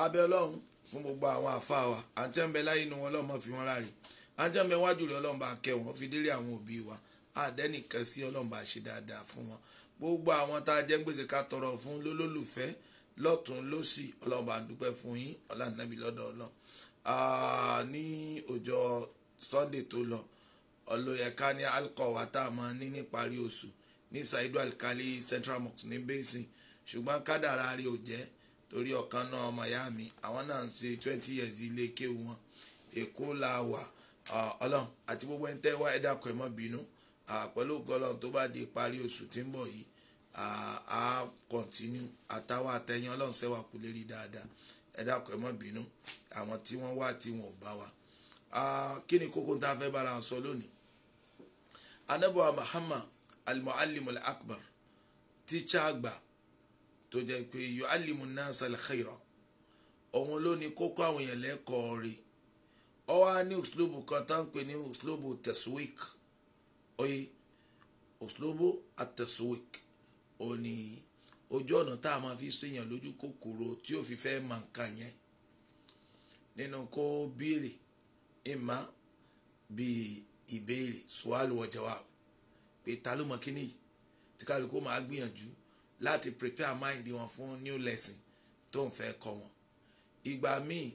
abẹ́ ọlọ́run fún gbogbo àwọn àfa wa àjẹmbẹ láyé nu wọn ọlọ́run mọ̀ fi wọn láre àjẹmbẹ wájú rẹ ọlọ́run bá kẹ́ wọn fi délé àwọn òbí wa àdẹ́nìkan sí ọlọ́run bá ṣe dáadáa fún wọn gbogbo àwọn tá a jẹ́ gbèsè ká tọrọ fún lólólùfẹ́ lọ́tún lọ́sì ọlọ́run bá dúpẹ́ fún yín ọlànàbí lọ́dọ̀ ọlọ́run ní ọjọ́ sunday tó lọ ọlọ́yẹ̀ká ní alkọ̀wá tá a máa ní níparí oṣù ní saidu alkali central mosque ní basin ṣùgbọ́n kádàrá rí ò torí ọ̀kan náà ọmọ ìyá mi àwọn náà ń ṣe twenty years ilé kéwu wọn èkó la wà ọlọ́run àti gbogbo ẹni tẹ́ wá ẹ dákun ẹ má bínú pẹ̀lú gọlọ́n tó bá di parí oṣù tí ń bọ̀ yìí a kọ̀ntínú àtàwọn àtẹ̀yìn ọlọ́run ṣẹ́wà kú lérí dáadáa ẹ dákun ẹ má bínú àwọn tí wọ́n wá tí wọn bá wa. kí ni kókó tá a fẹ́ bára sọ lónìí anabuwa Muhammad al-muallim al-akbar tíṣà àgbà tó jẹ́ pé yu'allimu nnasa al-khayra òun ló ní kókó àwọn èèyàn lẹ́kọ̀ọ́ rẹ̀ ọ wá ní uslubu kan tá ń pè ní uslubu taswik oye uslubu at-taswik ò ní ojú ọ̀nà tá a máa fi ṣèyàn lójú kòkòrò tí ò fẹ́ mọ nǹkan yẹn nínú kó béèrè ìmá bíi ìbéèrè su'al wa jawab pé ta ló mọ kíní tí kálukú máa gbìyànjú láti prepare mind wọn fún new lesson tó ń fẹ́ kọ́ wọn ìgbà míì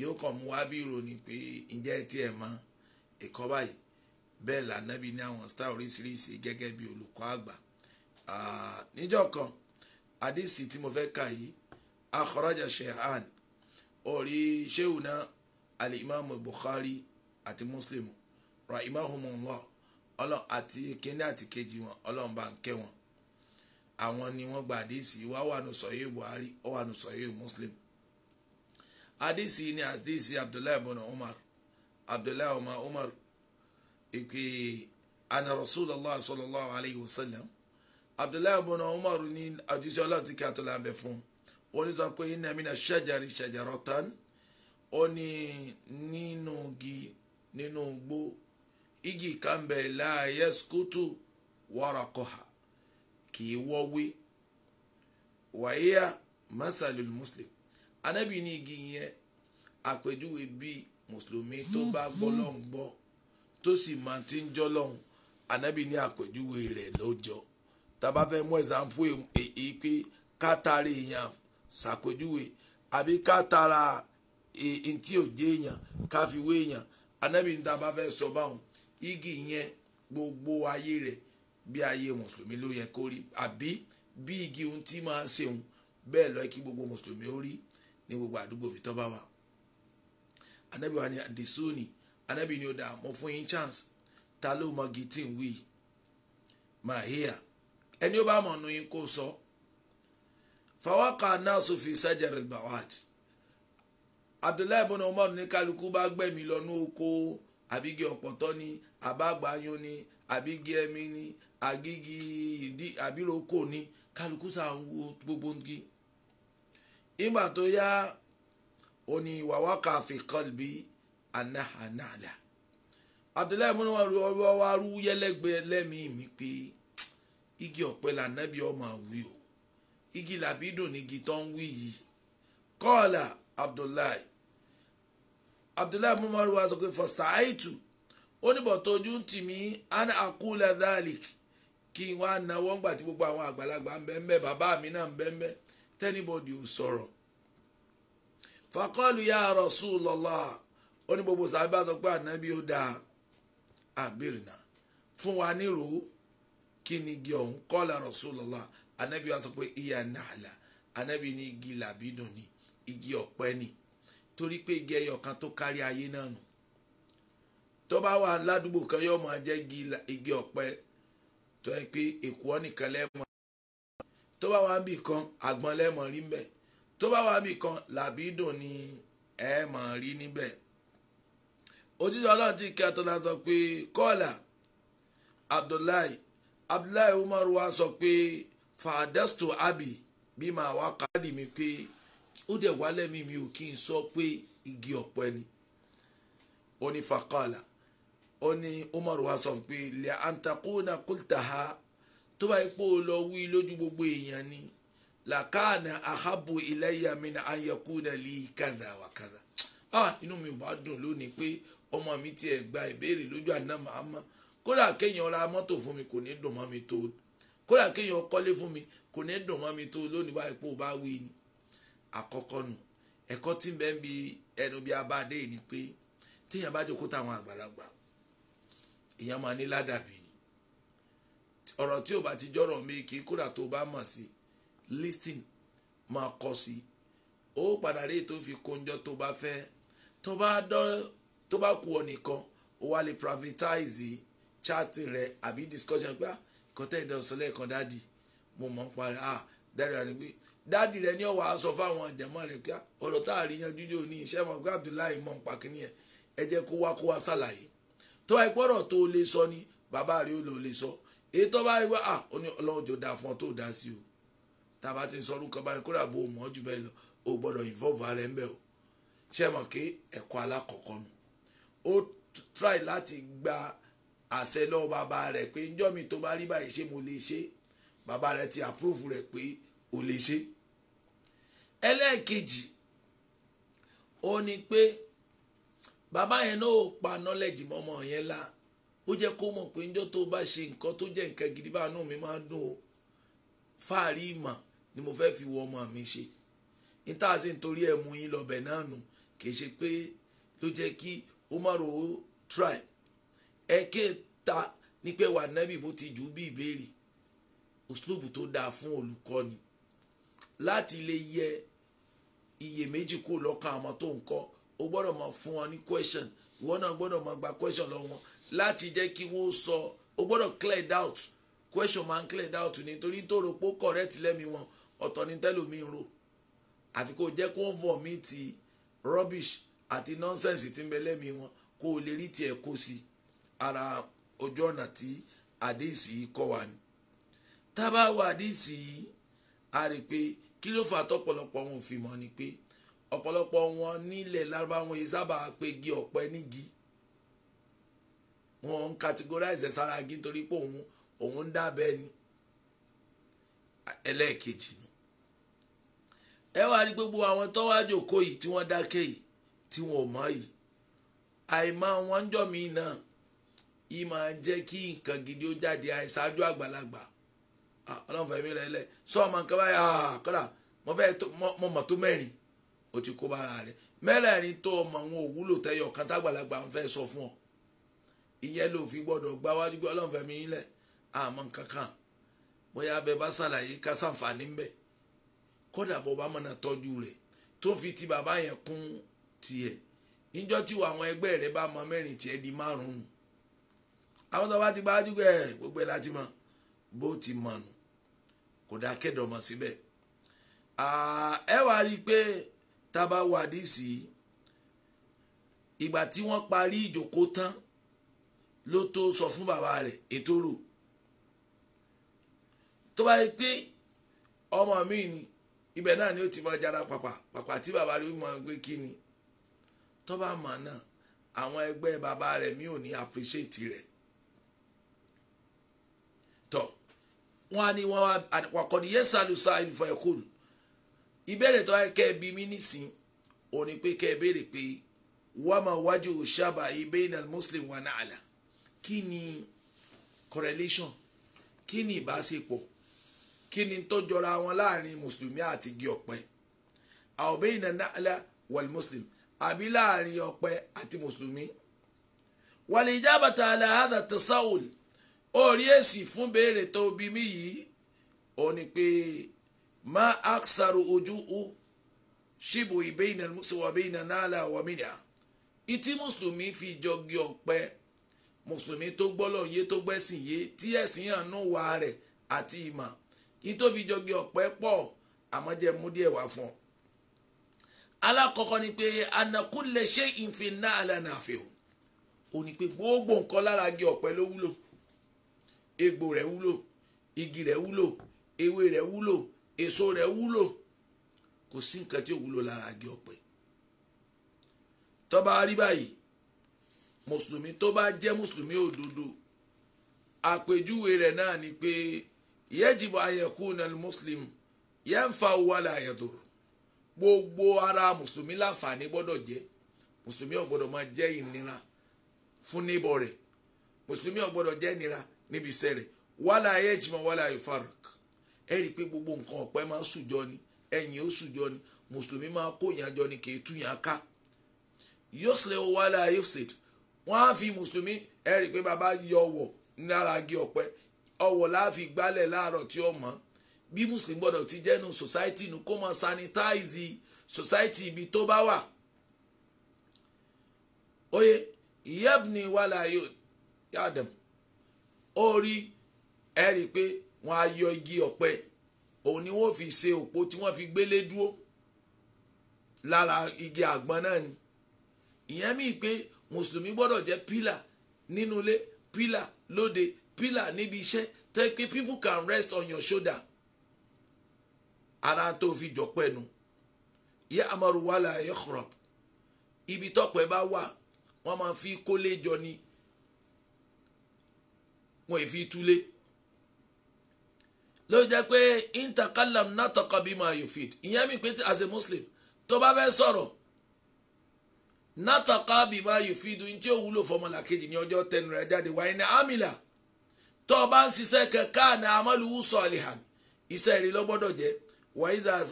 yóò kàn mú wá bí ìròyìn pé ǹjẹ́ tí ẹ mọ ẹ̀kọ́ báyìí bẹ́ẹ̀ lànàbí ní àwọn star oríṣiríṣi gẹ́gẹ́ bí olùkọ́ àgbà níjọ́ kan àdìsí tí mo fẹ́ kà yìí akhraja shehan orí sheu náà alimami Bukhari àti Muslim rahimahumullah ọlọ́ àti kíní àti kejì wọn ọlọ́run ń kẹ́ wọn àwọn ni wọ́n gba àdìsí wa wà nù sọ̀yẹ́ Buhari ó wà nù sọ̀yẹ́ Muslim àdìsí ni àdìsí Abdullahi ibn Umar Abdullahi ọmọ Umar ìpè ana Rasulullah sallallahu alayhi wa sallam Abdullahi ibn Umar ní àdìsí ọlọ́run ti kí atọ́lá bẹ fún wọn ní sọ pé inna mina shajari shajaratan ó ní nínú igi nínú gbó igi kan bẹ̀ la yaskutu waraqaha kì í wọ́wé wàhíà masalul muslim anábì ní igi yẹn àpèjúwe bíi mùsùlùmí tó bá gbọ́ lọ́hùn gbọ́ tó sì máa ti ń jọ́ lọ́hùn anábì ní àpèjúwe rẹ̀ lọ́jọ́ tábà fẹ́ mú ẹ̀sánpó èyí e, e, e pé kátàrí èèyàn ṣàpèjúwe àbí kátàrà èyí tí èèyàn káfíwé èèyàn anábì ní tábà fẹ́ sọ báwọn igi yẹn gbogbo ayé rẹ̀ bí ayé mùsùlùmí ló yẹ kó rí àbí bí igi ohun tí máa ṣeun bẹ́ẹ̀ lọ kí gbogbo mùsùlùmí ó rí ní gbogbo àdúgbò mi tó bá wà. anabi wa ni adesoni anabi ni ó dà mọ́ fún yín chance ta ló mọ gitin wí máa híyà ẹni ó bá mọ̀ nu yín kó sọ. fawaka nasu fi sajar al-bawad abdullahi ibn umar ní kálukú bá gbẹ̀mí lọ ní oko àbígi ọ̀pọ̀tọ́ ni àbágbáyún ni àbígi ẹ̀mí ni agígi ìdí àbírò kò ní kálukú sáà wo gbogbo ngi ìgbà tó yá òní wàwákà fi qalbi anáhànáàlà abdullahi múnú wa ọwọ́ wa rú yẹlẹ́gbẹ́ lẹ́mìí mi pé igi ọ̀pẹ lànàbí ọmọ àwí o igi làbídùn ní igi tó ń wí yìí kọ́ọ̀là abdullahi abdullahi múnú wa rú wa sọ pé fọ́sítà àìtù ó níbọ̀ tójú ń tì mí aqula dhalik kí n wá náwó ńgbà tí gbogbo àwọn àgbàlagbà ń bẹ ń bẹ bàbá mi náà ń bẹ ń bẹ tẹ́nibọ̀dì ò sọ̀rọ̀ fakọ́lù ya Rasulullah ó ní gbogbo sàbẹ́ àtọ́ pé ànábì ó dáa wa nírò kí ni igi ọ̀hún kọ́lá ànábì wa sọ pé ìyá nàlà igi làbídùn ni igi ọ̀pẹ ni torí igi ẹyọ kan tó kárí ayé náà nù tó bá wà ládùúgbò kan igi ọ̀pẹ tó yẹ pé èkó nìkan lẹ́mọ̀ tó bá wà níbì kan àgbọn lẹ́mọ̀ rí mbẹ̀ tó bá wà níbì kan làbídùn ni ẹ mọ̀ rí níbẹ̀ òjijì ọlọ́run ti kí atọ́nà sọ pé kọ́ọ̀là abdullahi abdullahi umar wa sọ pé fàdẹ́sítò abi bí màá wá káàdì mi pé ó dẹ̀ wálẹ̀ mi mi ò kí n sọ pé igi ọ̀pẹ ni ó ó ní Umar wa sọ pé lè antakuna kultaha tó bá ipò lọ wí lójú gbogbo èèyàn ni làkàna ahabu ilayya min an li kadha wa kadha ah inú mi ò bá dùn lónìí pé ọmọ mi tiẹ̀ gba ìbéèrè lójú àná màámá kódà kéèyàn ra mọ́tò fún mi kò ní dùn mọ́ mi tó kódà kéèyàn kọ́lé fún mi kò ní dùn mọ́ mi tó lónìí bá ipò bá wí ni àkọ́kọ́ nù ẹ̀kọ́ tí ń bẹ bi ẹnu bí abáadé ni pé téèyàn bá jókòó táwọn àgbàlagbà ìyẹn máa ní ládàbí ni ọ̀rọ̀ tí ò bá ti jọ́rọ̀ méèké kódà tó bá mọ̀ sí listing máa kọ́ sí ó padà rí ètò fi kóńjọ tó bá fẹ́ tó bá kú ọ nìkan ó wá lè privatize chat rẹ àbí discussion pé ah, nǹkan tẹ́ ìdá ọ̀sán lẹ́ẹ̀kan dáàdì mo mọ̀ ń parí ah dáàdì rẹ pé dáàdì rẹ ní ọ̀wà sọ fáwọn ìjẹ̀mọ́ rẹ pé ah, ọ̀rọ̀ tá a rí yanjú yóò ní iṣẹ́ mọ̀ pé Abdullahi mọ̀ ń pa kínní ẹ̀ ẹ jẹ́ kó wá kó wá ṣàlàyé tó ẹ gbọ́dọ̀ tó lè sọ ni bàbá rẹ ó lọ lè sọ èyí tó bá rí wá à ó ní ọlọ́run jọ da fún ọ tó da sí o tàbá ti ń sọ orúkọ báyìí kódà bó o mọ̀ jù bẹ́ẹ̀ lọ o gbọ́dọ̀ involve ara ẹ̀ ń bẹ̀ o ṣe mọ̀ pé ẹ̀kọ́ alákọ̀ọ́kọ́ nu ó try láti gba àṣẹ lọ́wọ́ bàbá rẹ̀ pé njọ́ mi tó bá rí báyìí ṣé mo lè ṣe bàbá rẹ̀ ti approve rẹ̀ pé o lè ṣe ẹlẹ́ẹ̀kejì ó ní pé bàbá yẹn náà ò pa nọ́lẹ̀jì mọ́mọ́ yẹn la ó jẹ́ kó mọ̀ pé níjọ́ tó bá ṣe nǹkan tó jẹ́ nǹkan gidi báà náà mi máa dùn o fáàrí ìmọ̀ ni mo fẹ́ fi wọ ọmọ mi ṣe níta sí nítorí ẹ̀ mú yín lọ́bẹ̀ náà nù kì í ṣe pé ló jẹ́ kí ó má ro ó try ẹ kéèta ní pé wà nábì bó ti jù ú bí ìbéèrè òṣùlùbù tó dáa fún olùkọ́ni láti lè yẹ iyèméjì kó lọ́kàn àwọn tó ń kọ́ o gbọ́dọ̀ máa fún wọn ní question ìwọ náà gbọ́dọ̀ máa gba question lọ wọn láti jẹ́ kí wọ́n sọ o gbọ́dọ̀ clear doubt question máa ń clear doubt nítorí tó rò pé correct lẹ́mi wọn ọ̀tọ̀ ni tẹ́lòmíì rò àfi kó jẹ́ kó vomit rubbish àti nonsense tí ń bẹ lẹ́mi wọn kó o lè rí tiẹ̀ kó sí ara ojú ọ̀nà tí àdéhìsì yìí kọ́ wa ni tá a bá wo àdéhìsì yìí a rí pé kí ló fà tọ́pọ̀lọpọ̀ wọn ò fi mọ̀ ni pé ọ̀pọ̀lọpọ̀ wọn nílẹ̀ lárúbáwọn yìí sábà gi ọ̀pẹ nígi wọn ń categorize sára igi nítorí pé òun òun ń dábẹ́ ni ẹlẹ́ẹ̀kejì ni ẹ wá rí gbogbo àwọn tọ́wájò kó yìí tí wọ́n dákẹ́ yìí tí ma mọ̀ yìí wọn ń jọ̀ mí náà yìí gidi ó jáde àìsáájú àgbàlagbà ọlọ́run fẹ̀mí rẹ̀ lẹ̀ mo fẹ́ o ti kó bára rẹ mẹ́rẹ̀ẹ̀rin tó ọmọ àwọn òwúlò tẹ́yọ̀ kan tágbàlagbà ń fẹ́ sọ fún ọ ìyẹn ló fi gbọ́dọ̀ gbá wájú pé ọlọ́run fẹ́mi yín lẹ̀ àmọ́ kankan bóyá abẹ bá ṣàlàyé ká ṣàǹfààní ń bẹ̀ kódà bó bá mọ̀nà tọ́jú rẹ̀ tó fi ti bàbá yẹn kún tiẹ̀ níjọ́ tí àwọn ẹgbẹ́ rẹ̀ bá mọ mẹ́rin tiẹ̀ di márùn-ún àwọn tó bá ti bá wájú pé gbogbo ẹ̀ ẹ wàá rí i pé tábà wà díìsì ìgbà tí wọ́n parí ìjókòó tán ló tó sọ fún bàbá rẹ̀ ètò rò tó bá yẹ pé ọmọ mi ni ibẹ̀ náà ni ó ti máa jára pàpà pàpà tí bàbá rẹ̀ máa gbé kí ni tó bá mọ̀ náà àwọn ẹgbẹ́ bàbá rẹ̀ mi ò ní appreciate rẹ̀ tọ́ wọn á ní wọn wá àkọ́ni yẹ́sàlùsà ìlú fọ̀ẹ́kùnù ìbéèrè tó kẹ́ ẹ bí mi nísìn ò ní pé kẹ́ ẹ béèrè pé wà máa wájú ṣábà ibẹ́yìn al muslim wà náà àlà kí ni correlation kí ni ìbáṣepọ̀ kí ni tó jọra wọn láàrin mùsùlùmí àti igi ọ̀pẹ àwọn bẹ́yìn náà àlà wal muslim àbí láàrin ọ̀pẹ àti mùsùlùmí wàlẹ̀ ìjábàtà aláhàdà tẹ̀sáwòl ó rí èsì fún béèrè tó bí mi yìí ó pé ma aksaru ojú ṣíbo ìbéyìnà mùsùlùmí àbéyìnà náàlà wàmídà ìtí mùsùlùmí fi jọgi ọ̀pẹ mùsùlùmí tó gbọ́lọ̀ yé tó gbẹ́sìn yé tí ẹ̀sìn àánú wa rẹ̀ àti ìmọ̀ yìí tó fi jọgi ọ̀pẹ pọ̀ àmọ́ jẹ́ mú díẹ̀ wá fún ọ. alákọ̀ọ́kọ́ ni pé anakunle ṣé ìfin náà lànà àfihàn ò ní pé gbogbo nǹkan lára igi ọ̀pẹ ló wúlò egbò rẹ̀ wúlò igi rẹ̀ wúlò ewé rẹ̀ wúlò èso rẹ̀ wúlò kò sí nǹkan tí ò wúlò lára agi ọ̀pẹ tó bá rí báyìí mùsùlùmí tó bá jẹ́ mùsùlùmí òdodo àpèjúwe rẹ̀ náà ni pé yajibu ayakuna muslim yanfa wala yadur gbogbo ara mùsùlùmí láǹfààní gbọ́dọ̀ jẹ́ mùsùlùmí ò gbọ́dọ̀ máa jẹ́ ìnira fún níbọ̀ rẹ̀ mùsùlùmí ò je jẹ́ ìnira níbi iṣẹ́ rẹ̀ wala yajma wala yufarq ẹ rí i pé gbogbo nǹkan ọ̀pẹ máa ń sùjọ ni ẹ̀yìn ó sùjọ ni mùsùlùmí máa kó ìyàn jọ ni kì í tú yàn ká yóò sílẹ̀ owó wálé ayéfṣèd wọ́n á fi mùsùlùmí ẹ rí i pé bàbá yọ ọwọ̀ nára agi ọ̀pẹ ọwọ̀ láàfin gbálẹ̀ láàárọ̀ tí ó mọ̀ bí mùsùlùmí gbọ́dọ̀ ti jẹ́nu society nu kó máa sanitize society ibi tó bá wà oye ìyẹ́bùnì wálé ayé adam ó rí ẹ wọ́n á yọ igi ọ̀pẹ òun ni wọ́n fi ṣe òpó tí wọ́n fi gbélé dúró lára igi àgbọn náà ni ìyẹn mi pé mùsùlùmí gbọ́dọ̀ jẹ́ pílà nínú ilé pílà lóde pílà níbi iṣẹ́ tẹ́ pé people can rest on your shoulder ara tó fi jọ pẹ́nu yẹ amaru wàhálà ẹ̀yọ́ kọ̀rọ̀ ibi tọ́pẹ́ bá wà wọ́n máa fi kólé jọ ni wọ́n ì fi túlé. ló jẹ́ pé intakalam nataka bima ihe ìyẹn mi as a muslim tó bá fẹ́ sọ̀rọ̀ nataka bima yufid ntí ó wúlò fọmọlàkejì ní ọjọ́ tẹnu rẹ̀ amila tó o bá ń ṣiṣẹ́ kẹ̀kẹ́ àná amálùú sọ̀lìhàn iṣẹ́ rí lọ́gbọ́dọ̀ jẹ́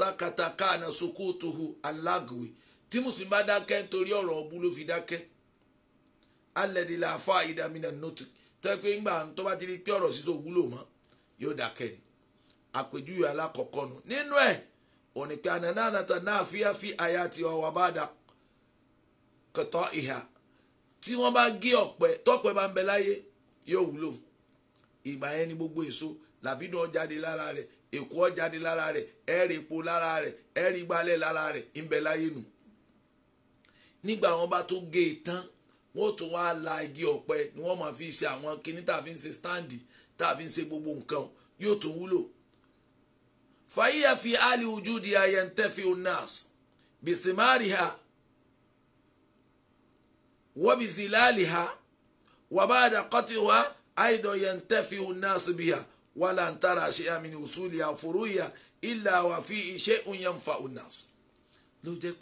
zakata kàánà sukutuhu alágùwì tí bá dákẹ́ nítorí ọ̀rọ̀ ọ̀bú ló fi dákẹ́ ìdàmínà nọ́tì pé ńgbà tó bá ti pé ọ̀rọ̀ àpèjúwe alákọ̀ọ́kọ́ nu nínú ẹ̀ òní pé ànàdá ànàtà náà fíyàfí àyà ti ọwọ́ àbáàdà kẹtọ́ ìhà tí wọ́n bá gé ọ̀pẹ tọ́pẹ bá ń bẹ láyé yóò wúlò ìgbà yẹn ni gbogbo èso làbínú ọjáde lára rẹ̀ èkó ọjáde lára rẹ̀ ẹ̀rì epo lára rẹ̀ ẹ̀rì gbalẹ̀ lára rẹ̀ ń bẹ láyé nu nígbà wọn bá tó gé e tán wọn ò tún wá la igi ọ̀pẹ ni wọ́n máa fi ṣe àwọn kinní tá ń ṣe stáǹdì tá ń ṣe gbogbo nǹkan yóò tún wúlò فهي في حال وجودها ينتفي الناس بثمارها وبزلالها وبعد قطعها أيضا ينتفي الناس بها ولن ترى شيئا من أصولها فروية إلا وفيه شيء ينفع الناس ló jẹ́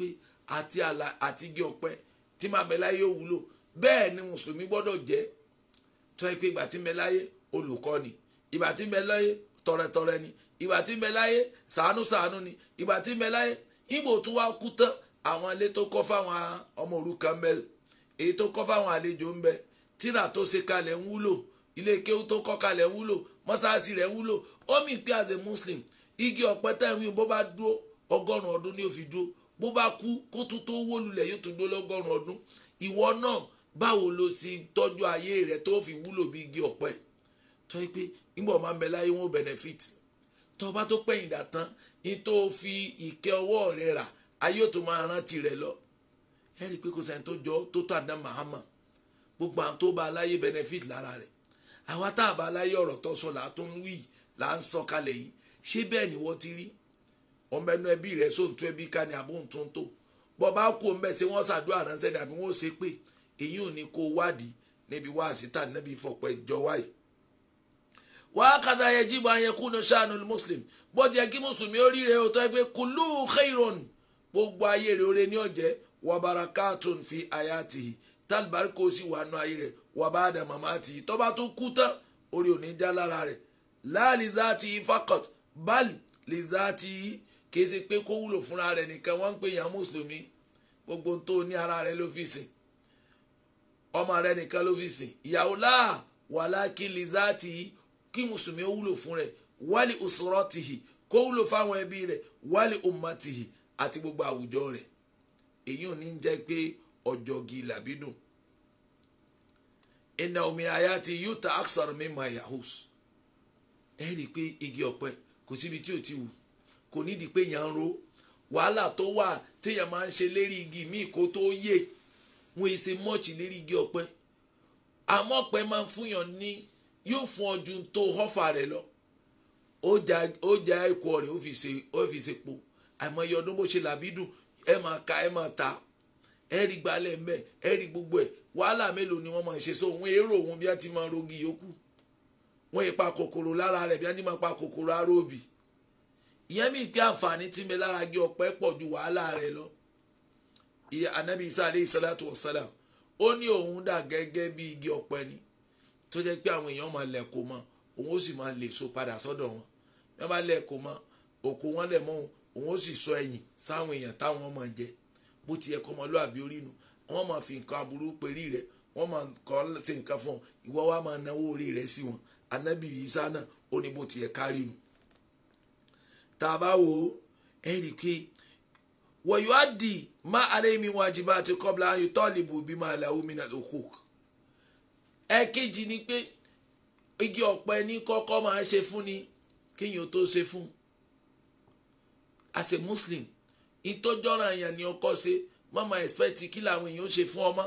أتي على أتي àti igi ọ̀pẹ tí máa mẹ́láyé ó wúlò bẹ́ẹ̀ ni mùsùlùmí gbọ́dọ̀ jẹ́ tó yẹ pé tọrẹtọrẹ ni ìgbà tí ń bẹ láyé sàánú sàánú ni ìgbà tí ń bẹ láyé ìgbò tún wá kú tán àwọn ilé tó kọ́ fáwọn ọmọ òrukàn ń bẹ èyí tó kọ́ fáwọn àlejò ń bẹ tírà tó ṣe kalẹ̀ ń wúlò ilé kéwú tó kọ́ kalẹ̀ ń wúlò mọ́sáàsì rẹ̀ ń wúlò ó pé as a muslim igi ọ̀pẹ tẹ̀wín bó bá dúró ọgọ́rùn-ún ọdún ni ó fi dúró bó bá kú kó tún tó wó lulẹ̀ yóò tún dúró lọ́gọ́rùn-ún ọdún ìwọ náà báwo lo ti tọ́jú ayé rẹ̀ tó fi wúlò bí igi ọ̀pẹ tó yẹ pé nígbà ọmọ ń bẹ láyé wọn ò benefit tọba tó pẹ̀yìn dà tán ní tó fi ìkẹ́ ọwọ́ rẹ rà ayé ò tó máa rántí rẹ lọ ẹ rí i pé kò sẹ́ni tó jọ tó tó àdá mahama gbogbo àwọn tó bá aláyé benefit lára rẹ̀ àwa tá a aláyé ọ̀rọ̀ tó sọ là á tó wí là á ń sọ kalẹ̀ yìí ṣé bẹ́ẹ̀ ni wọ́n ti rí ọmọ ẹnu ẹbí rẹ̀ sóńtú ẹbí ká ní abóńtóńtó bọ́ bá kú ọmọ ẹ̀ ṣé wọ́n ṣàdúrà ránṣẹ́ dàbí wọ́n ṣe pé èyí ò ní kó wádìí níbi wáàsí tà níbi ìfọ̀pẹ́ jọ wáyìí wàhákàtà yajibu an yakuna sha'nul muslim bó ti yẹ kí mùsùlùmí ó ríre o tó yẹ pé kullu khairon gbogbo ayé rẹ̀ oore ní ọ̀jẹ́ wabarakatun fi hayatihi tálíbáríkò sì wà nù ayé rẹ̀ wàbáàdà mamatihi tó bá tún kú tán orí òní já lára rẹ̀ láàlìzáàtì fakọt bal lìzáàtì kì í ṣe pé kó wúlò fúnra rẹ̀ nìkan wọ́n ń pè yàn mùsùlùmí gbogbo tó ní ara rẹ̀ ló fi sìn ọmọ rẹ̀ nìkan ló fi sìn ìyàwó láà wàlákì lìzáàtì kí mùsùlùmí ó wúlò fún rẹ̀ wálé usratihi kó wúlò fáwọn ẹbí rẹ̀ wálé ummatihi àti gbogbo àwùjọ rẹ̀ èyí ò ní jẹ́ pé ọjọ́gi làbínú iná omi ayá ti yúta aksar mímọ yahus ẹ rí i pé igi ọ̀pẹ kò síbi tí ò ti wù kò nídìí pé yàn ń ro wàhálà tó wà téèyàn máa ń ṣe lérí igi míì kó tó yè wọn èsè mọ́ọ̀chì lérí igi ọ̀pẹ àmọ́ ọ̀pẹ máa ń fúnyàn ní yóò fún ọ ju tó họ́fà rẹ lọ ó já ikọ̀ rẹ̀ ó fi ṣe po àìmọye ọdún bó ṣe làbídùn ẹ máa ka ẹ máa ta ẹ rí gbalẹ̀ ń bẹ̀ ẹ rí gbogbo ẹ̀ wàhálà mélòó ni wọ́n máa ṣe so òun èrò òun bí a ti máa rogi yòókù wọ́n yìí pa kòkòrò lára rẹ̀ bí a ti máa pa kòkòrò ara òbí ìyẹn mi pé àǹfààní tí ń bẹ lára gé ọ̀pẹ pọ̀ ju wàhálà rẹ̀ lọ anabi isa aleyhi salatu wa salam ó ní òun dà gẹ́gẹ́ bí igi ọ̀pẹ ni tó jẹ́ pé àwọn èèyàn máa lẹ̀ kó mọ́ òun ó sì máa lè so padà sọ́dọ̀ wọn bí wọ́n bá lẹ̀ kó mọ́ òkú wọn lẹ̀ mọ́ òun ó sì sọ ẹ̀yìn sáwọn èèyàn táwọn máa jẹ bó ti yẹ kọ́ ọmọlúàbí orí nu wọ́n máa fi nǹkan aburú perí rẹ̀ wọ́n máa kọ́ ti nǹkan fún ọ ìwọ wa máa náwó orí rẹ̀ sí wọn anábì Ìsá náà ó ní bó ti yẹ kárí nu tá a bá wò ó ẹ̀rì pé wọ̀nyí wá dì má alẹ́ mi wájú bá ti kọ́ bí tọ́lì bù bí máa ẹ̀kejì ni pé igi ọ̀pẹ ní kọ́kọ́ máa ṣe fún ni kíyìn ó tó ṣe fún as a muslim ìtọ́jọ́ra èèyàn ni ọkọ ṣe mama expect kí làwọn èèyàn ó ṣe fún ọmọ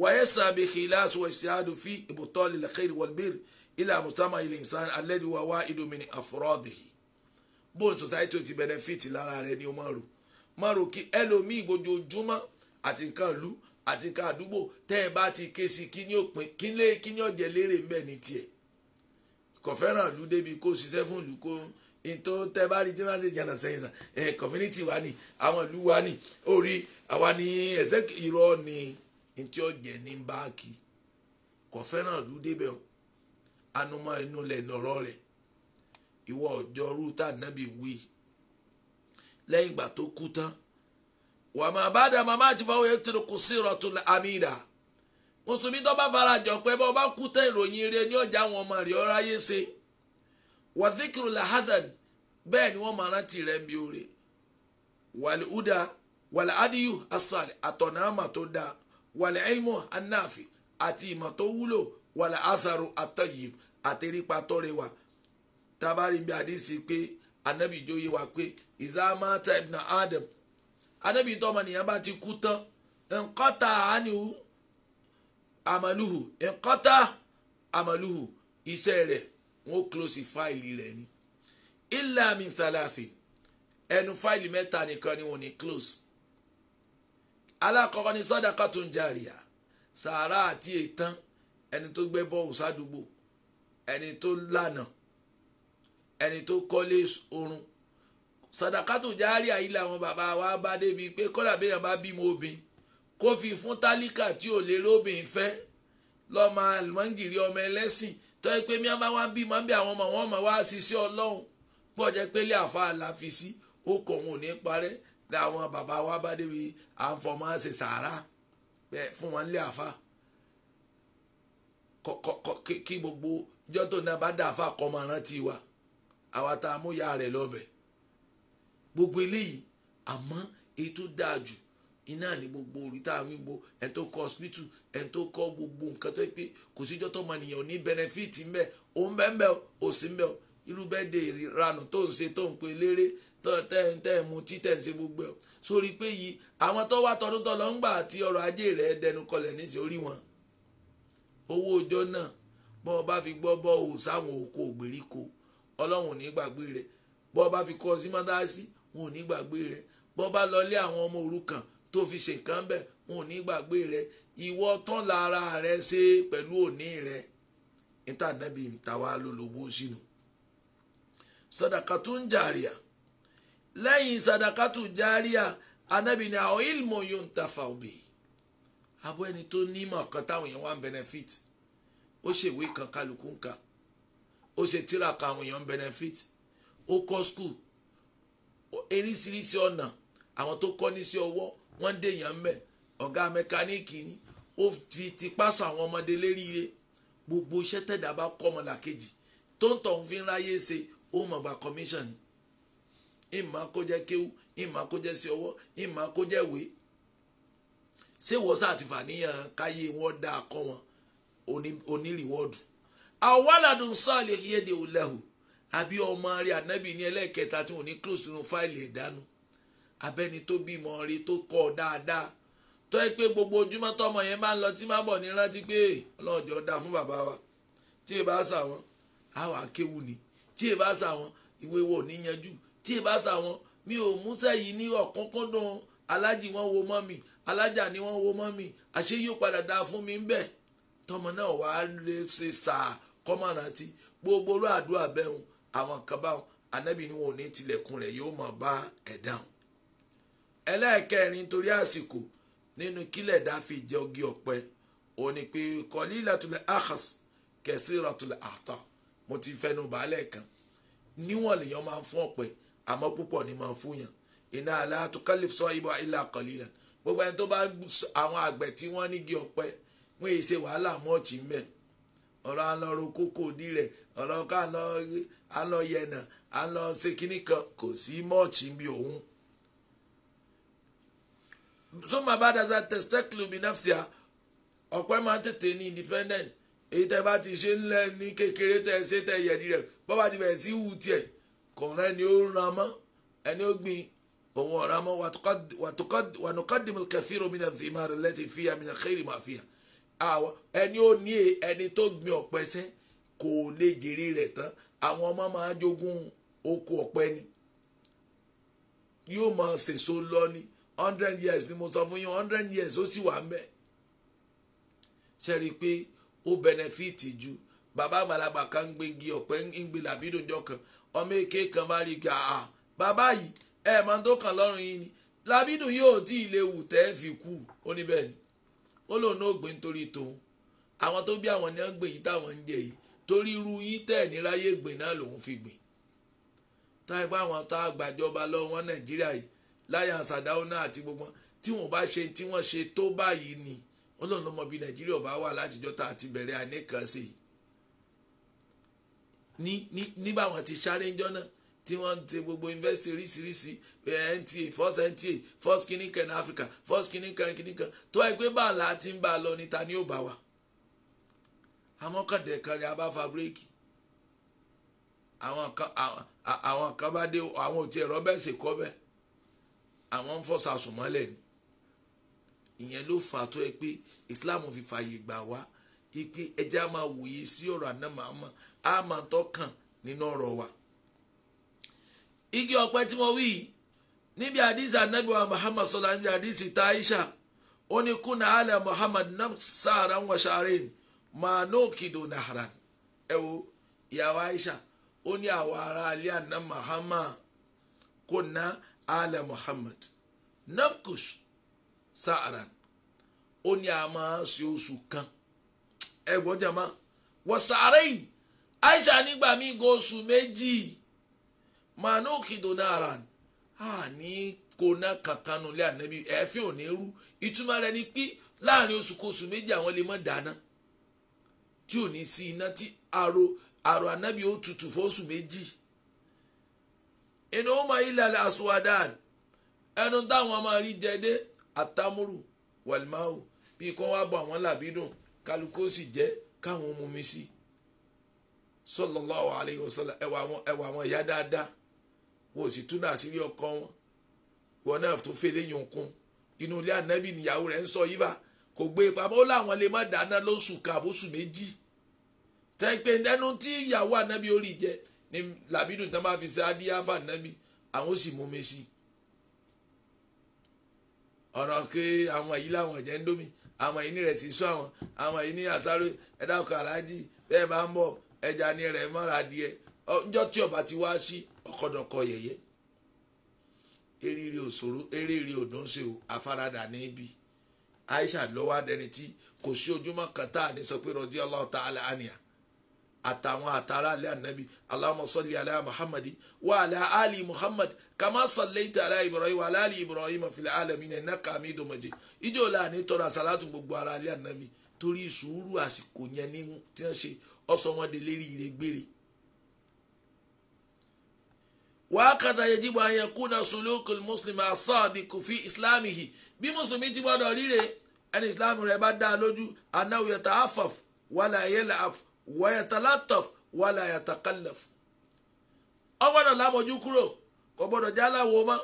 wàyẹ sàbẹ kìláàs wà ṣáàdù fi ìbùtọ́ lílẹ̀ kẹ́rì wọ̀lbẹ́rì ilẹ̀ àmùsàmà ilẹ̀ ìsàn alẹ́ ni wà wá ìdòmìnì àfọ́rọ́dì bone society ti benefit lára rẹ ni o máa rò máa rò kí ẹlòmíì gbojoojúmọ́ àti nǹkan ìlú àti ká àdúgbò tẹ́ ẹ bá ti ké sí kí ní òpin kí lé kí ní ọ̀jẹ̀ lérè ńbẹ̀ ní tiẹ̀ kò fẹ́ràn ìlú débi kó ṣiṣẹ́ fún ìlú kó ètò tẹ́ bá rí tẹ́lá ṣe jàǹdà sẹ́yìn sà ẹ̀ community wa ni àwọn ìlú wa ni orí àwa ni ẹ̀sẹ̀ ìrọ̀ ni ntí ọ̀jẹ̀ ní báàkì kò fẹ́ràn ìlú débẹ̀ o anumọ inú lẹ̀ nọ̀rọ̀ rẹ̀ ìwọ ọjọ́ rúta nàbì wí lẹ́yìn ìgbà tó kú tán wà má bá dà màmá àti fáwọn ètò ìkùsí ìrọ̀tún àmìlà mùsùlùmí tó bá farajọ pé bọ́ bá kú tẹ́ ìròyìn eré ní ọjà àwọn ọmọ rẹ̀ ọ̀rá yé ṣe wàdíkìrù làhádàn bẹ́ẹ̀ ni wọ́n máa rántí rẹ̀ ń bi òre wàlẹ̀ uda wàlẹ̀ adiyu asàlẹ̀ àtọ̀nà àmà tó dáa wàlẹ̀ ilmu anáfi àti ìmọ̀ tó wúlò wàlẹ̀ atharu atọ́yì àtẹrípa tọ́rẹwà tábàrí bí adé sí pé anábìjọ́ yé wa pé ìzámátà ibn adam anábì tọ́mọ nìyẹn bá ti kú tán nkọ́ta àánìwò àmàlùhù nkọ́ta àmàlùhù iṣẹ́ rẹ̀ wọ́n close fáìlì rẹ̀ ni illa min thalathi ẹnu fáìlì mẹ́ta nìkan ni wọ́n ní close alákọ̀ọ́kọ́ ni sadaqatun jariya sàárà àti ètàn ẹni tó gbẹ́ bọ́ọ̀lù sádùúgbò ẹni tó lànà ẹni tó kọ́lé orun sàdákàtò járí àyí làwọn bàbá wa bá débi pé kódà béèyàn bá bímọ obìnrin kó fi fún tálíkà tí ò lè lóbìn fẹ́ lọ́mọ àlùmọ́ngìrì ọmọ ẹlẹ́sìn tó yẹ pé mi bá wá bímọ bí àwọn ọmọ wọn mọ̀ wá ṣiṣẹ́ ọlọ́run gbọ́jẹ́ pé lé àfa àlàfi sí ó kọ̀ wọn ò ní parẹ́ làwọn bàbá wa bá débi àǹfọ̀mọ́ ṣe sàárà fún wọn lé àfa kí gbogbo ìjọ́ tó náà bá dà àfa kọ́ máa rántí wa àwa tá mú ya rẹ̀ lọ́bẹ̀ẹ́ gbogbo eléyìí àmọ́ èyí tó dáa jù iná ní gbogbo orí tá a fi ń bo ẹni tó kọ́ hospital ẹni tó kọ́ gbogbo nǹkan tó pé kò síjọ́ tó mọ̀nìyàn ní benefit ń bẹ ó ń bẹ ń ó sì ń bẹ irú bẹ́ẹ̀ dé ìranù tó ń ṣe tó ń pe léré tẹ́ẹ̀ mu tí tẹ́ẹ̀ ń ṣe gbogbo ẹ̀ sórí pé yìí àwọn tó wá tọdún tọ́ lọ ń gbà àti ọrọ̀ ajé rẹ̀ dẹnu kọlẹ̀ ní sí orí wọn owó ọjọ́ náà bọ́ ọ bá fi gbọ́ bọ́ ò sáwọn òkò ògbèríko ọlọ́run ò ní gbàgbé rẹ̀ bọ́ ọ bá fi kọ́ sí mọ́tàásí wọn ò ní gbàgbé rẹ bọ́ bá lọlé àwọn ọmọ òrukàn tó fi ṣe nǹkan bẹ́ẹ̀ wọn ò ní gbàgbé rẹ ìwọ tán lára rẹ ṣe pẹ̀lú òní rẹ níta nẹ́bí tàwa lólobó sínú. sadakatu ń jàríà lẹ́yìn sadakatu jàríà anábì ni àwọn ilmọ̀ yóò ń tafa òbí abọ́ ẹni tó nímọ̀ kan táwọn èèyàn wá ń benefit ó ṣèwé kan kálukú ń ka ó ṣe tíra kan àwọn èèyàn ń benefit ó kọ́ skul. eríṣiríṣi ọ̀nà àwọn tó kọ́ níṣẹ́ ọwọ́ wọ́n ń dèèyàn mẹ́ ọ̀gá mẹkáníìkì ni ó ti tipá sọ àwọn ọmọdé léríire gbogbo iṣẹ́ tẹ̀dá bá kọ́ ọmọ làkejì tó ń tọ̀ ń fi ń ráyè ṣe ó mọ̀ gba commission ni ìmọ̀ kó jẹ́ kéwú ìmọ̀ kó jẹ́ sí ọwọ́ ìmọ̀ kó jẹ́ ìwé ṣé wọ́n sá àti fàníyàn káyé wọn dá akọ́ wọn onírìwọ́dù àwọn aládùn sọ́ọ̀lì yéde òlẹ́hùn àbí ọmọ rẹ ànábì ní ẹlẹ́ẹ̀kẹta tí wọn ní close nínú fáìlì ẹ̀dánù abẹ́ni tó bímọ rẹ tó kọ́ ọ dáadáa tọ́ ẹ pé gbogbo ojúmọ́ tọmọ yẹn máa ń lọ tí máa bọ̀ ní rántí pé ọlọ́ọ̀jọ́ da fún bàbá wa tí ì bá sà wọ́n àwọn akéwù ni tí ì bá sà wọ́n ìwé wo níyanjú tí ì bá sà wọ́n mi ò músẹ́ yìí ní ọ̀kánkọ́dùn alájì wọn wo mọ́ mi alájà ni wọ́n wo mọ́ mi àṣé yóò padà dáa fún mi ń bẹ̀ tọmọ náà wàá lè ṣe sàá kọ́mọ̀rántí gbogbo olú àdúrà bẹ́hùn àwọn kan báwọn anábì ni wọn ò ní tilẹ̀kùn rẹ̀ yóò máa bá ẹ̀dáhùn ẹlẹ́ẹ̀kẹrin torí àsìkò nínú kílẹ̀ dáfi jẹ́ ogi ọ̀pẹ òní pé kọ́lí ìlàtúlẹ̀ ahas kẹsí ìrọ̀túlẹ̀ àtà mo ti fẹnu bàálẹ̀ kan níwọ̀n lèèyàn máa ń fún ọ̀pẹ àmọ́ púpọ̀ ni máa ń fún yàn iná aláàtúkálíf sọ ibà ilà kọ́lí rẹ̀ gbogbo ẹni tó bá àwọn àgbẹ̀ tí wọ́n ní igi ọ̀pẹ wọ́n èyí ṣe wàhálà mọ́ọ̀chì ń bẹ̀ ọ̀rọ̀ àlọ́rọ̀ kókó òdì rẹ̀ ọ̀rọ̀ ká lọ́ọ́ à ń lọ yẹnà à ń lọ ṣe kinní kan kò sí mọ́ọ̀chì bí òun. sọ́mà bá dáadáa tẹ̀sítẹ́kìlù bí nàfṣíà ọ̀pẹ́ máa tètè ní independent èyí tẹ́ bá ti ṣe ńlẹ̀ ní kékeré tẹ́ ṣe tẹ́ yẹ̀dí rẹ̀ bọ́ bá ti bẹ̀rẹ̀ sí wù tiẹ̀ kọ̀ọ̀rọ̀ ẹni ó ran mọ́ ẹni ó gbin òun ọ̀ra mọ́ wàtúkọ́dìmọ̀ kẹfìrò mi náà fi máa rẹ̀ lẹ́tì fìyà mi náà xèrè máa fìyà ẹni ó ní ẹni tó gbin ọ̀pẹ kò lè jèrè rẹ̀ tán àwọn ọmọ máa jogún oko ọ̀pẹ ni yóò máa sèso lọ ni hundred years ni mo sọ fún yín hundred years ó sì wà ń bẹ̀ ṣe rí i pé ó benefit ju bàbá àgbàlagbà kan ń gbégi ọ̀pẹ ń gbé làbídùn jọ kan ọmọ èké kan bá rí gbà á bàbá yìí ẹ máa tó kàn lọ́rùn yín ni làbídùn yóò tí ì lè wù tẹ́ fi kú ó ní bẹ́ẹ̀ ni ó lòun náà gbé nítorí tòun àwọn tó bí àwọn ni wọ́n gbé yìí táwọn ń jẹ yìí torí irú yín tẹ̀ níráyé gbìn náà lòun fi gbìn táyì bá àwọn tá a gbàjọba lọ́wọ́ nàìjíríà yìí láyà sàdáúnà àti gbogbo tí wọn bá ṣe tí wọn ṣe tó báyìí ni ọlọ́run ló mọ̀ bí nàìjíríà bá wà látijọ́ tá a ti bẹ̀rẹ̀ àníkànṣe ní ní ní báwọn ti sáré ń jọ́nà tí wọ́n ń ṣe gbogbo university ríṣiríṣi eh, nta first nta first kìnnìkan africa first kìnnìkan kìnnìkan tó ẹgbẹ́ bá a láti ń bá a lọ níta ni ó bá wa àwọn kan dẹ̀ kan rẹ̀ a bá fa bíréèkì àwọn kan àwọn kan bá dé àwọn òtí ẹ̀rọ bẹ́ẹ̀ ṣe kọ́ bẹ́ẹ̀ àwọn ń fọ́sà sùnmọ́lẹ̀ ni ìyẹn ló fà tó ẹ pé Islam fi fààyè gbà wá ipe ẹja máa wòye sí ọ̀rọ̀ àná màá mọ̀ á máa tọ́kàn nínú ọ̀rọ̀ wa. igi ọ̀pẹ tí mo wí níbi àdìsí anábìwá Muhammad sọlá níbi àdìsí taisha ó ní kúnà alẹ́ Muhammad náà sáárà ń wọ sàárẹ̀ ni máa nóòkìdò nàrà ẹ wo ìyàwó Aisha ó ní àwọn ará alẹ́ àná Muhammad kò ala Muhammad namkush saaran, ó ní a máa ṣe kan ẹ jama wọ́n sàárẹ̀ yìí Aisha nígbà míì gan oṣù méjì máa nóòkìdò nàrà àní kóná kankanu lé ànábi ẹ̀ẹ́fín ò ní rú ìtumọ̀ rẹ̀ ni pé láàrin oṣù kóṣù méjì àwọn lè mọ̀ dáná tí ò ní sí iná tí aro aro anabi ó tutù fóṣù méjì inú ọmọ ilẹ̀ aswadan ẹnu táwọn ọmọ rí jẹdé àtàmúrù wàlmáwù bíi kọ́ wá bọ̀ àwọn làbí dùn kálukú sì jẹ́ káwọn mú mi sí sallallahu alayhi wa sallam ẹwà àwọn ẹwà àwọn ìyá dáadáa wọn ò sì tún náà sílé ọkọ wọn ìwọ náà tún fèlè yòókùn inú ilé ànábì nìyàwó rẹ̀ ń sọ yìí bá kò gbé e pamọ́ ó láwọn lè má dáná lóṣù kàbóṣù méjì tẹ́gbẹ́ ẹnu tí ìyàwó ànábì orí jẹ ni làbídù tán bá fi ṣe adíyáfà ànábì àwọn ó sì mú mi sí i ọ̀rọ̀ pé àwọn yìí làwọn jẹ́ ń dómi àwọn yìí ní rẹ̀ sì sọ àwọn àwọn yìí ní àsáró ẹ̀dá ọkọ̀ aláàjì bẹ́ẹ̀ bá ń bọ̀ ẹja ní rẹ̀ mọ́ra díẹ̀ ọjọ́ tí ọba ti wá sí ọkọ̀dọ̀kọ̀ yẹ̀yẹ́ eré rí òṣòro eré rí òdùnṣe àfaradà níbi aisha lọ́wọ́ adẹni tí kò sí ojúmọ́ kan tá a ní sọ pé radiyallahu ta'ala anha àtàwọn àtàrà alẹ́ ànábì allahumma salli ala muhammadi wa ala ali muhammad kama sallaita ala ibrahim wa ala ali ibrahim fil alamin innaka hamidun majid ìjọ la ní tọrọ àsálàtù gbogbo ara alẹ́ ànábì torí sùúrù àsìkò yẹn ní tí wọ́n ṣe ọ̀sán wọn dé lérí ire gbére wàákàtà yajibu an yakuna sulukul muslimi as-sadiqu fi islamihi bí mùsùlùmí ti gbọ́dọ̀ ríre ẹni islam rẹ bá dá a lójú anáwó yẹta afọf wàlà ayẹlẹ af wàyẹta látọf wàlà ayẹta kálẹf. ó gbọ́dọ̀ lámọ̀jú kúrò kò gbọ́dọ̀ jẹ́ aláwo mọ́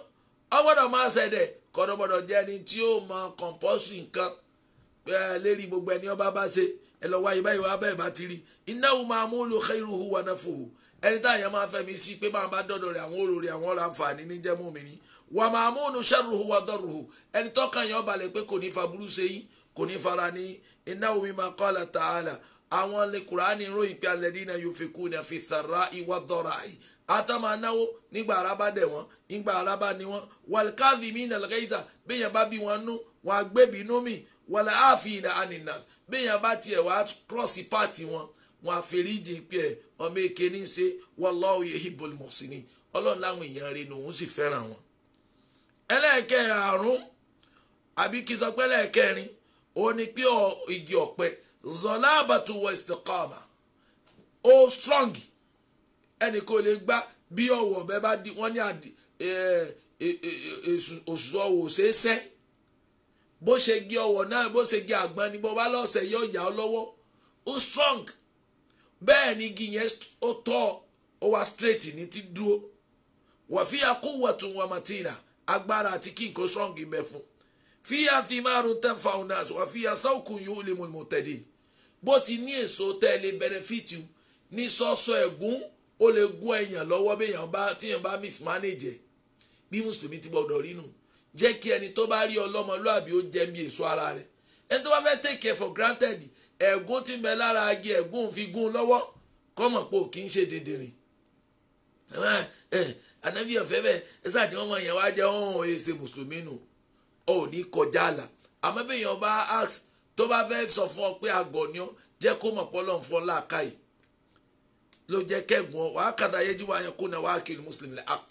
ó gbọ́dọ̀ máa ṣẹ̀dẹ̀ kọ́dọ̀ gbọ́dọ̀ jẹ́ ẹni tí ó mọ kọ̀ǹpọ́sì nǹkan lérí gbogbo ẹni ọba bá ṣe ẹ lọ wáyé báyìí wá bẹ́ẹ̀ bá ti rí ináwó máa mú lò khairuhu wa nafuhu ẹni tá àyẹ̀ máa fẹ̀mí sí pé máa bá dọ̀dọ̀ rẹ̀ àwọn orò rẹ̀ àwọn ọ̀rọ̀ àǹfààní ní jẹ́mú mi ni wà máa mú ònú sẹ́rùhù wà dọ̀rùhù ẹni tọ́kàn yẹn balẹ̀ pé kò ní fa burú ṣe yín kò ní fara ní iná omi máa kọ́ àlà tààlà àwọn ilé kùránì ròyìn pé alẹ́ dínà yóò fi kú ní àfi sàrà ìwà dọ̀rà yìí atama náwó nígbà araba dẹ̀ wọ́n nígbà araba ni wọ́n wàlíkàdì mí nà lẹ́gẹ́yìí bẹ́yẹn bá bí wọn nú wọn àgbẹ̀bí nú mi wàlẹ́ àfihàn ànínà bẹ́yẹn bá tiẹ̀ wá cross party wọn afẹ́rí ìjì pé ẹ̀ ọmọ èké ní í ṣe wallahu ni òun sì fẹ́ràn wọn. ẹlẹ́ẹ̀kẹ́ àrùn àbí kí sọ pé ẹlẹ́ẹ̀kẹrin pé ọ̀pẹ ó strong ẹnì kò lè gbá bí bá di wọ́n ní òṣèṣẹ́ bó ṣe gé náà bó ṣe gé àgbọn ni bó bá bẹ́ẹ̀ ni igi yẹn ó tọ́ ó wá straight ní ti dúró wọ̀fíà kó wọ̀tún wọn màtínà agbára àti kí nǹkan strong ń bẹ fún fíyà ti márùn ten faunas wọ̀fíà sọ́ọ̀kù yóò lè mú mọ̀tẹ́dì bó ti ní èso tẹ́lẹ̀ bẹnẹfìtì ní sọ́sọ́ ẹ̀gún ó lè gún èèyàn lọ́wọ́ béèyàn bá tíyàn bá mismanage bí mùsùlùmí ti gbọ́dọ̀ rínú jẹ́ kí ẹni tó bá rí ọlọ́mọlúàbí ó jẹ́ bí èso ara rẹ̀ ẹni tó bá fẹ́ take care for granted ẹ̀gún tí ń bẹ lára agi ẹ̀gún fi gún lọ́wọ́ kọ́mọ̀ pé ò kì í ṣe dìndìnrín ànábì ọ̀fẹ́ bẹ́ẹ̀ ẹ tí wọ́n mọ ìyẹn wá jẹ́ ọ̀hún èsè mùsùlùmí nù ọ̀ ní kọjá àlà àmọ́ bí èèyàn bá ask tó bá fẹ́ sọ fún ọ pé àgọ̀ ni ọ jẹ́ kó mọ̀ pọ́lọ́ fún ọ láàkáyè ló jẹ́ kẹ́gùn ọ wàá kàtà yẹ́jú wa yẹn kó na wàá kiri mùsùlùmí ak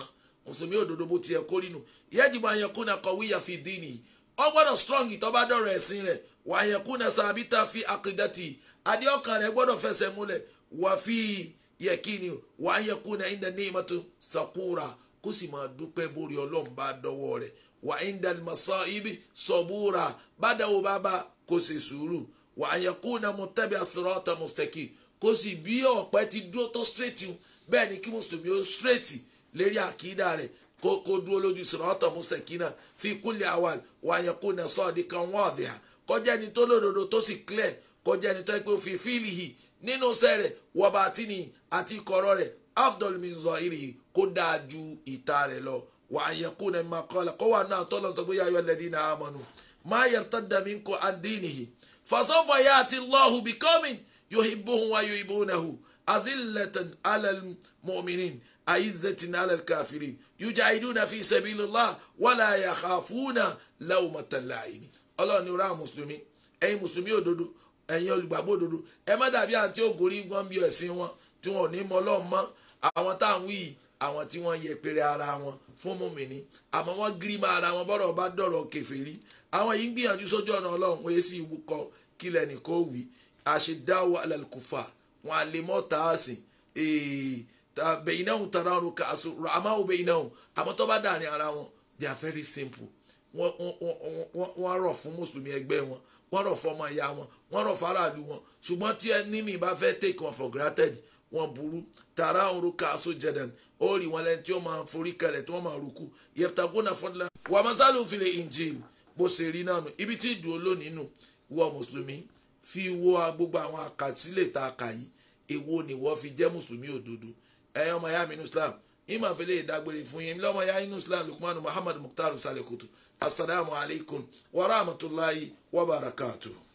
mùsùlùmí òdodo bó tiẹ̀ kórìí nù yẹ́jú wa yẹn kó na kọ̀wé yàfi dín nìyí ọ gbọ́dọ̀ strong ìtọ́ bá dọ̀rọ̀ ẹ̀sìn rẹ̀ wàyẹ̀kúnà sàbítà fi àkìdàtì adéọkàn rẹ̀ gbọ́dọ̀ fẹsẹ̀ múlẹ̀ wà fi yẹ̀kínì wàyẹ̀kúnà ìdá ní ìmọ̀tò sàkúrà kó sì máa dúpẹ́ borí ọlọ́run bá dọ́wọ́ rẹ̀ wà ìdá masọ́ ibi sọ̀búrà bàdáwò bàbá kó sì sùúrù wàyẹ̀kúnà mọ̀tẹ́bí àsìrọ́tà mọ̀stẹ́kì kó sì bí ọ̀pẹ́ ti dúró tó straight bẹ́ẹ̀ ni kí mùsùlùmí ó straight lérí àkídà rẹ̀ kó kó dúró lójú sirata mustaqina fi kulli awal wa yakuna sadiqan wadhiha kọjá ẹni tó lòdòdó tó sì clear kọjá ẹni tó pé fi fíìlì hì nínú iṣẹ́ rẹ̀ wọba àti ní àti kọ̀rọ̀ rẹ̀ afdol min zahiri kó dáa ju ìta rẹ̀ lọ wà á yẹ kó nàá máa kọ́lá kó wà náà tọ́lọ̀ tó gbé yàyọ̀ lẹ́dí náà amanu ma yartadda minkum an dinihi fasawfa ya'ti Allahu biqawmin yuhibbuhum wa yuhibbunahu azillatan 'alal mu'minin a'izzatin 'alal kafirin yujahiduna fi sabilillah wa la yakhafuna lawmata la'im ọlọ́run ní orá mùsùlùmí ẹ̀yin mùsùlùmí òdodo ẹ̀yin olùgbàgbọ́ òdodo ẹ má dàbí àti ògòrí wọn bí ẹ̀sìn wọn tí wọn ò ní mọ ọlọ́run mọ́ àwọn tá à ń wí yìí àwọn tí wọ́n yẹpẹrẹ ara wọn fún mùmìnì àmọ́ wọ́n gírímà ara wọn bọ́rọ̀ bá dọ̀rọ̀ kèfèrí àwọn yìí ń gbìyànjú sójú ọ̀nà ọlọ́run wọ́n sì kílẹ̀ nìkó wì àṣedáwọ̀ alàlùkùfà wọn àlè mọ́ta àsìn bẹ̀yìn náà tara ọ̀run kà àmọ́ bẹ̀yìn náà àmọ́ tó bá dàrin ara wọn they are very simple wọ́n rọ̀ fún mùsùlùmí ẹgbẹ́ wọn wọ́n rọ̀ fún ọmọ ìyá wọn wọ́n rọ̀ fún aráàlú wọn ṣùgbọ́n tí ẹni mi bá fẹ́ take one for granted wọn burú tààrà òun ká aṣọ jẹdẹn ó rí wọn lẹni tí wọ́n máa forí kalẹ̀ tí wọ́n máa rúkú yẹpùtàgbọ́nà fọdúnlá wàmásálù fìlẹ̀ injil bó ṣe rí náà nù ibi tí ìdúró lónìí nù wọ mùsùlùmí fi wo gbogbo àwọn àkàsílẹ̀ tá a kà yìí èwo ni wọ́n fi jẹ́ mùsùlùmí òdodo ẹ̀yin ọmọ ya mi nù islam ìmọ̀ àfẹlẹ́ ìdágbére fún yín lọ́mọ ya inú islam lukman muhammad mukhtar salekoto asalaamualeykum wa rahmatulahi wa barakatuhu.